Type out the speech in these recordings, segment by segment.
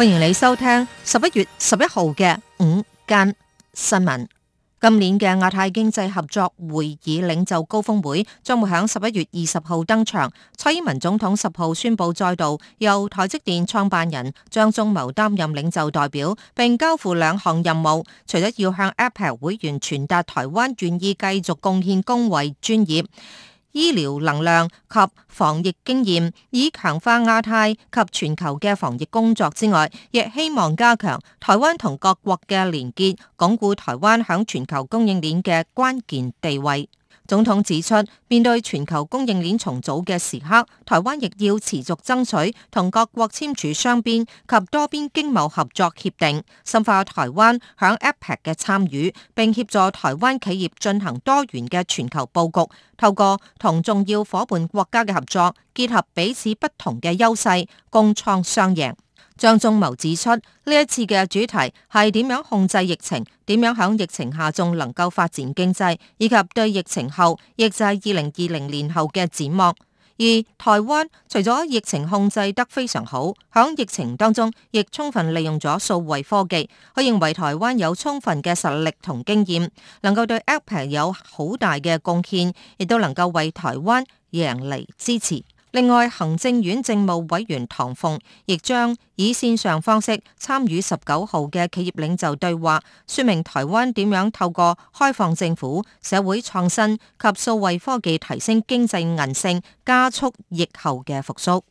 歡迎你收聽十一月十一號嘅午間新聞。今年嘅亞太經濟合作會議領袖高峰會將會喺十一月二十號登場。蔡英文總統十號宣布再度由台積電創辦人張忠謀擔任領袖代表，並交付兩項任務，除咗要向 APEC 會員傳達台灣願意繼續貢獻公衛專業。醫療能量及防疫經驗，以強化亞太及全球嘅防疫工作之外，亦希望加強台灣同各國嘅連結，鞏固台灣響全球供應鏈嘅關鍵地位。總統指出，面對全球供應鏈重組嘅時刻，台灣亦要持續爭取同各國簽署雙邊及多邊經貿合作協定，深化台灣響 APEC 嘅參與，並協助台灣企業進行多元嘅全球佈局，透過同重要伙伴國家嘅合作，結合彼此不同嘅優勢，共創雙贏。張忠謀指出，呢一次嘅主題係點樣控制疫情，點樣喺疫情下仲能夠發展經濟，以及對疫情後，亦就係二零二零年後嘅展望。而台灣除咗疫情控制得非常好，喺疫情當中亦充分利用咗數位科技。佢認為台灣有充分嘅實力同經驗，能夠對 APEC 有好大嘅貢獻，亦都能夠為台灣贏嚟支持。另外，行政院政務委員唐鳳亦將以線上方式參與十九號嘅企業領袖對話，說明台灣點樣透過開放政府、社會創新及數位科技提升經濟韌性，加速疫後嘅復蘇。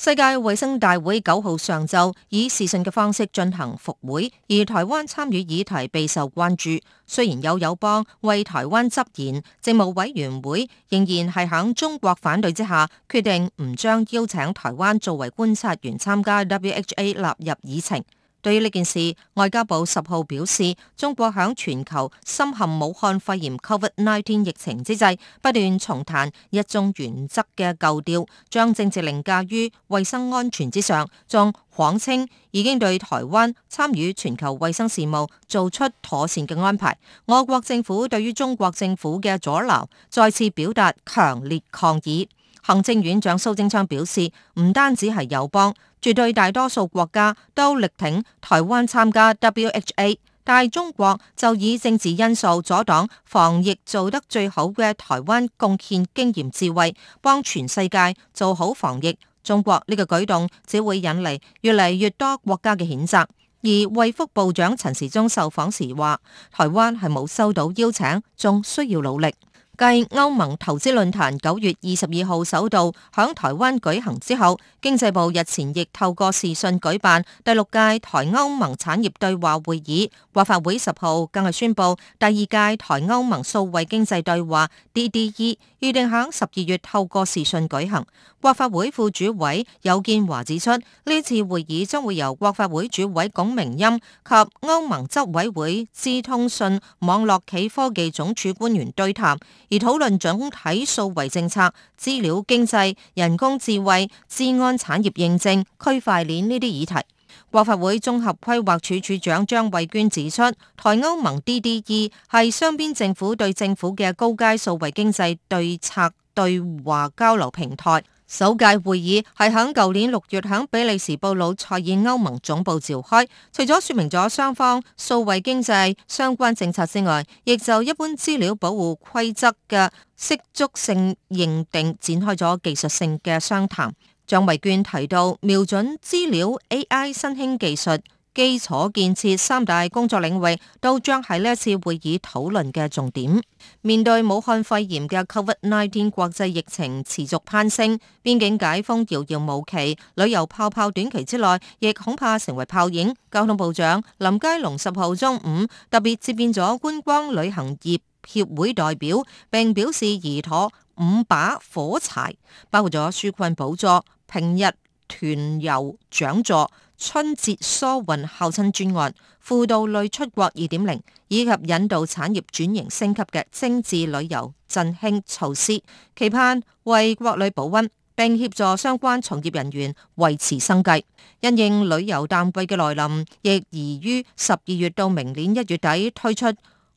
世界衛生大會九號上晝以視訊嘅方式進行復會，而台灣參與議題備受關注。雖然有友邦為台灣執言，政務委員會仍然係喺中國反對之下，決定唔將邀請台灣作為觀察員參加 WHA 納入議程。對於呢件事，外交部十號表示，中國響全球深陷武漢肺炎 （COVID-19） 疫情之際，不斷重彈一中原則嘅舊調，將政治凌駕於衛生安全之上，仲謊稱已經對台灣參與全球衛生事務做出妥善嘅安排。我國政府對於中國政府嘅阻撓，再次表達強烈抗議。行政院長蘇貞昌表示，唔單止係友邦。絕對大多數國家都力挺台灣參加 WHA，但係中國就以政治因素阻擋防疫做得最好嘅台灣貢獻經驗智慧，幫全世界做好防疫。中國呢個舉動只會引嚟越嚟越多國家嘅譴責。而衛福部長陳時中受訪時話，台灣係冇收到邀請，仲需要努力。繼歐盟投資論壇九月二十二號首度響台灣舉行之後，經濟部日前亦透過視訊舉辦第六屆台歐盟產業對話會議。國發會十號更係宣布第二屆台歐盟數位經濟對話 （DDE） 預定響十二月透過視訊舉行。國發會副主委游建華指出，呢次會議將會由國發會主委龔明鑫及歐盟執委會資通訊網絡企科技總署官員對談。而討論總體數位政策、資料經濟、人工智慧、治安產業認證、區塊鏈呢啲議題，國發會綜合規劃處處長張慧娟指出，台歐盟 DDE 係雙邊政府對政府嘅高階數位經濟對策對話交流平台。首屆會議係喺舊年六月喺比利時布魯塞爾歐盟總部召開，除咗說明咗雙方數位經濟相關政策之外，亦就一般資料保護規則嘅適足性認定展開咗技術性嘅商談。張偉娟提到，瞄準資料 AI 新興技術、基礎建設三大工作領域都將係呢一次會議討論嘅重點。面對武漢肺炎嘅 COVID-19 國際疫情持續攀升，邊境解封遙遙無期，旅遊泡泡短期之內亦恐怕成為泡影。交通部長林佳龍十號中午特別接見咗觀光旅行業協會代表，並表示而妥五把火柴，包括咗紓困補助、平日、團遊獎助、春節疏運孝親專案、輔導類出國二點零，以及引導產業轉型升級嘅精緻旅遊振興措施，期盼為國旅保溫，並協助相關從業人員維持生計。因應旅遊淡季嘅來臨，亦宜於十二月到明年一月底推出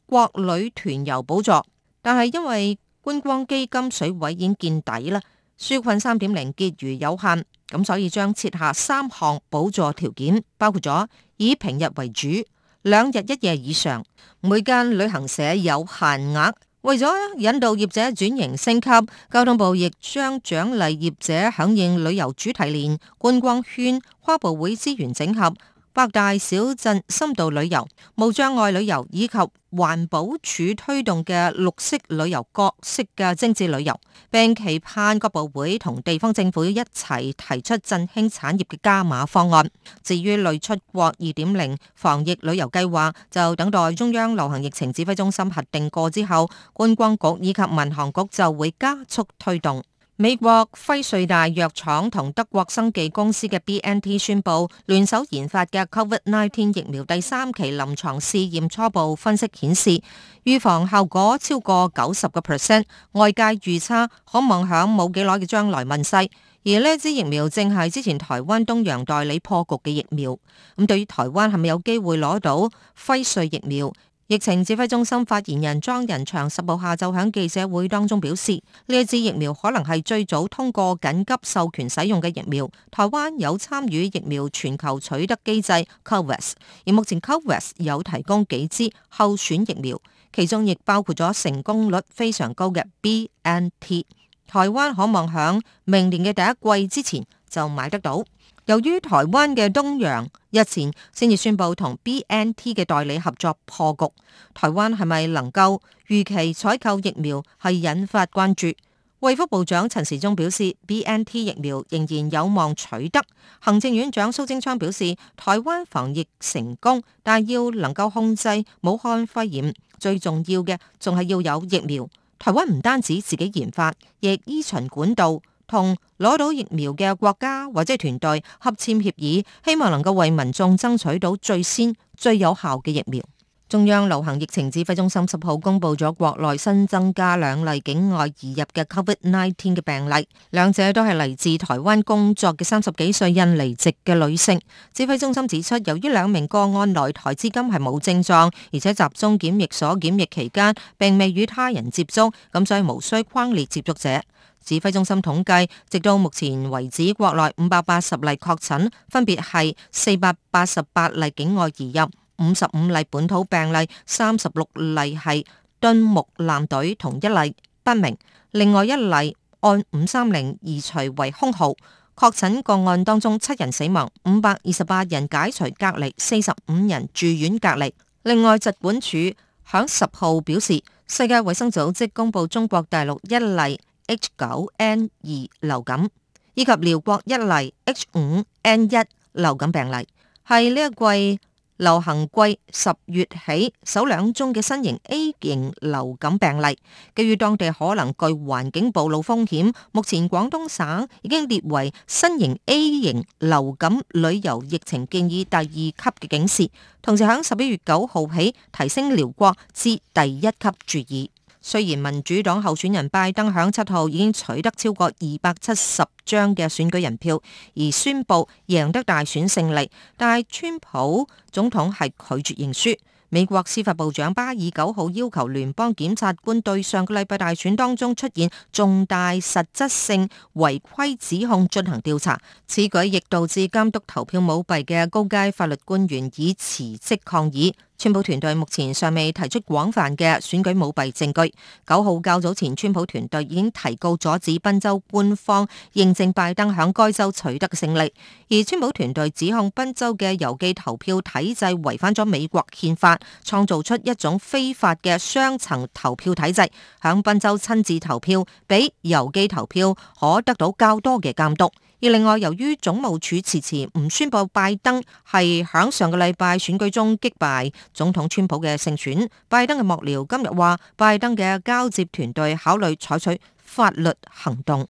國旅團遊補助，但係因為觀光基金水位已經見底啦，紓困三點零結餘有限。咁所以將設下三項補助條件，包括咗以平日為主、兩日一夜以上、每間旅行社有限額。為咗引導業者轉型升級，交通部亦將獎勵業者響應旅遊主題鏈、觀光圈、跨部會資源整合。北大小鎮深度旅遊、無障礙旅遊以及環保署推動嘅綠色旅遊，各式嘅精緻旅遊，並期盼各部會同地方政府一齊提出振興產業嘅加碼方案。至於類出國二點零防疫旅遊計劃，就等待中央流行疫情指揮中心核定過之後，觀光局以及民航局就會加速推動。美國輝瑞大藥廠同德國生技公司嘅 BNT 宣布聯手研發嘅 COVID-19 疫苗第三期臨床試驗初步分析顯示，預防效果超過九十個 percent，外界預測可望響冇幾耐嘅將來問世。而呢支疫苗正係之前台灣東洋代理破局嘅疫苗，咁對於台灣係咪有機會攞到輝瑞疫苗？疫情指揮中心發言人莊人祥十號下晝喺記者會當中表示，呢一支疫苗可能係最早通過緊急授權使用嘅疫苗。台灣有參與疫苗全球取得機制 （COVAX），而目前 COVAX 有提供幾支候選疫苗，其中亦包括咗成功率非常高嘅 BNT。台灣可望喺明年嘅第一季之前就買得到。由於台灣嘅東洋日前先至宣布同 BNT 嘅代理合作破局，台灣係咪能夠預期採購疫苗係引發關注？衞福部長陳時中表示，BNT 疫苗仍然有望取得。行政院長蘇貞昌表示，台灣防疫成功，但要能夠控制武漢肺炎，最重要嘅仲係要有疫苗。台灣唔單止自己研發，亦依循管道。同攞到疫苗嘅國家或者係團隊合簽協議，希望能夠為民眾爭取到最先、最有效嘅疫苗。中央流行疫情指揮中心十號公布咗國內新增加兩例境外移入嘅 Covid nineteen 嘅病例，兩者都係嚟自台灣工作嘅三十幾歲印尼籍嘅女性。指揮中心指出，由於兩名個案來台至今係冇症狀，而且集中檢疫所檢疫期間並未與他人接觸，咁所以無需匡列接觸者。指揮中心統計，直到目前為止，國內五百八十例確診，分別係四百八十八例境外移入，五十五例本土病例，三十六例係敦睦艦隊，同一例不明，另外一例案五三零移除為空號。確診個案當中，七人死亡，五百二十八人解除隔離，四十五人住院隔離。另外，疾管署響十號表示，世界衛生組織公布中國大陸一例。H9N2 流感以及寮國一例 H5N1 流感病例，係呢一季流行季十月起首兩宗嘅新型 A 型流感病例。基於當地可能具環境暴露風險，目前廣東省已經列為新型 A 型流感旅遊疫情建議第二級嘅警示，同時響十一月九號起提升寮國至第一級注意。雖然民主黨候選人拜登響七號已經取得超過二百七十張嘅選舉人票，而宣布贏得大選勝利，但係川普總統係拒絕認輸。美國司法部長巴爾九號要求聯邦檢察官對上個禮拜大選當中出現重大實質性違規指控進行調查，此舉亦導致監督投票舞弊嘅高階法律官員以辭職抗議。川普團隊目前尚未提出廣泛嘅選舉舞弊證據。九號較早前，川普團隊已經提告阻止賓州官方認證拜登響該州取得嘅勝利，而川普團隊指控賓州嘅郵寄投票體制違反咗美國憲法，創造出一種非法嘅雙層投票體制。響賓州親自投票比郵寄投票可得到較多嘅監督。而另外，由於總務處遲遲唔宣布拜登係響上個禮拜選舉中擊敗總統川普嘅勝選，拜登嘅幕僚今日話，拜登嘅交接團隊考慮採取法律行動。